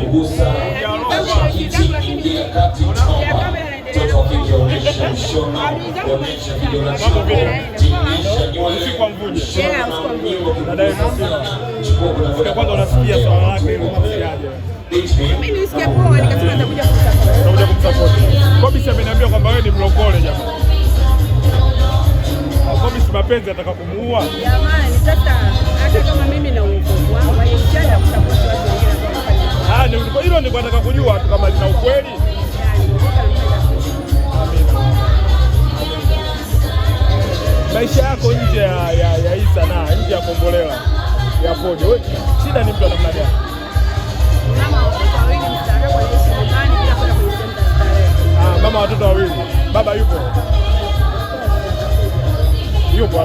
kugusa kuingia kati choma mtoto wakike, onyesha mshono, onyesha video la choko, timisha nywele, mshono, nyimbo kugusa sana, chukua kuna voda kwanza, unasikia swala lake mimi nisikia poa, nikasema nitakuja kumtafuta. Kobisi ameniambia kwamba wewe ni mlokole jamaa mapenzi ataka kumuua. Jamani, sasa hata kama mimi na wangu ah, hilo, nataka kujua tu kama lina ukweli. Maisha yako nje ya hii sanaa, nje ya Kombolela yakoje? Shida ni mtu anamna gani?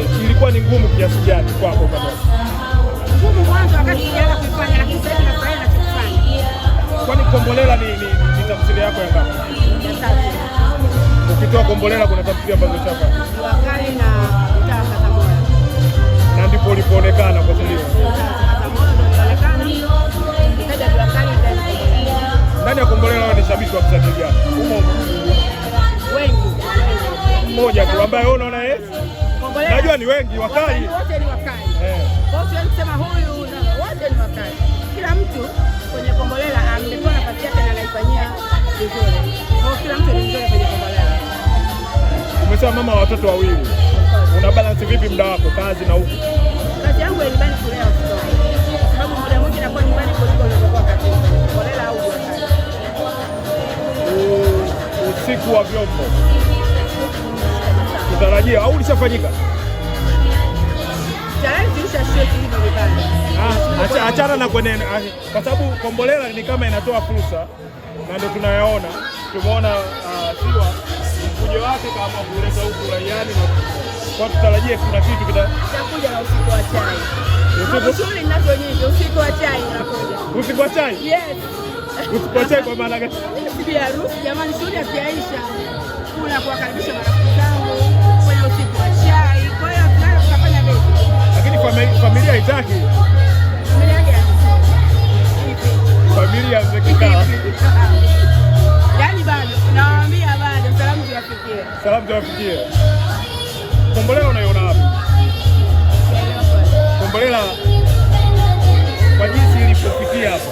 ilikuwa ni ngumu kiasi gani kwako kama? Ngumu mwanzo wakati kuifanya, lakini sasa kufanya. Kwani Kombolela ni ni, ni tafsiri yako ya ngapi? Ukitoa Kombolela kuna tafsiri ambazo chapa. na Na ndipo ulipoonekana kwa sisi. Ndani ya Kombolela ni shabiki wa msanii gani? Mmoja tu ambaye wewe unaona yeye najua ni wengi wakali wote ni wakali eh. kusema huyu wote ni wakali, kila mtu kwenye Kombolela amekuwa ah, nafasi yake na anaifanyia vizuri, kwa kila mtu ni mzuri kwenye Kombolela. Umesema mama wa watoto wawili, una balance vipi muda wako kazi na huku? Kazi yangu ya kulea watoto kwa wa vyombo tarajia au ulishafanyika? Ah, achana na kwenye, ah, kwa sababu Kombolela ni kama inatoa fursa, na ndio tunayaona. Tumeona ah, siwa mkujo wake kama kuleta huku raiani, kwa tutarajie kuna kitu kita kuja na usiku wa chai. Usiku wa chai unakuja, usiku wa chai yes, usiku wa chai kwa maana gani? Siku ya harusi jamani, shughuli hazijaisha, kuna kuwakaribisha marafiki zangu Lakini familia haitaki familia yaani, salamu ziwafikie, Kombolela unaiona wapi? Kombolela kwa jinsi ilivyofikia hapa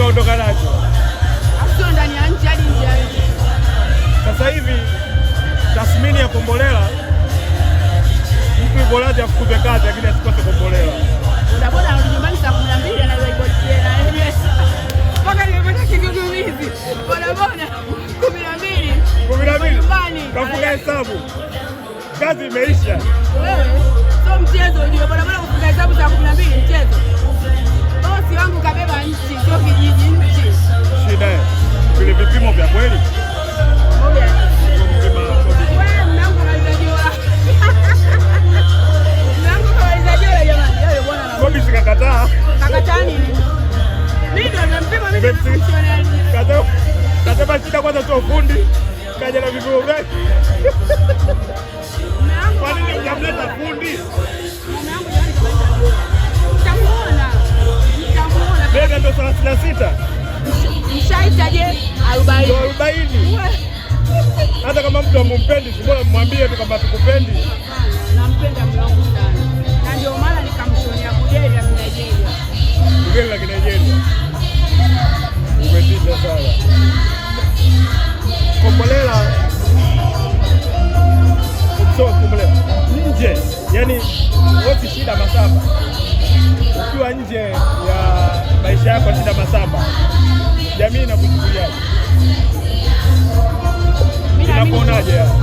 ukaondoka nacho ndani ya nchi hadi nje ya nchi. Sasa hivi tathmini ya Kombolela, mtu yupo radhi afukuzwe kazi lakini asikose Kombolela. Bodaboda anarudi nyumbani saa kumi na mbili mpaka nimepata kigugumizi. Bodaboda kumi na mbili kumi na mbili nyumbani, kafuga hesabu, kazi imeisha. Wewe sio mchezo, ujue bodaboda kufuga hesabu saa kumi na mbili mchezo Kataa. Nakataa nini? Mimi ndo mimi shida kwanza sio fundi. Kaja na vifungo gani? Kwa nini unamleta fundi? Yaani Bega ndo thelathini na sita mshaitaje arobaini hata kama mtu amumpendi, mbona mwambie tu kwamba Nampenda Gari la Kinigeria umetisha sana. Kombolela Kombolela nje, yani wote shida masaba, ukiwa nje ya maisha yako shida masaba, jamii inakuchukuliaje? Inakuonaje?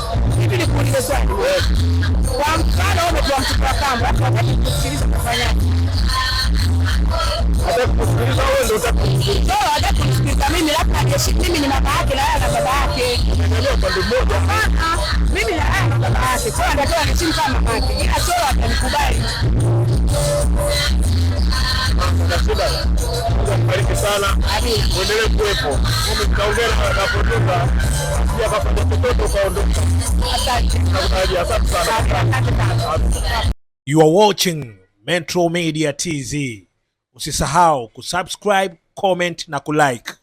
Nirudi swali. Kwa mfano umetoa mtoto kamba, wakati kusikiliza utafanyaje? mimi labda ajeshi mimi ni mama yake na na baba yake. Mimi na baba yake. Sawa, asante sana, uendelee kuwepo. na Tutaongea napotoka apaatoto ukaondoka. Asante sana. You are watching Metro Media TZ. Usisahau kusubscribe, comment na kulike.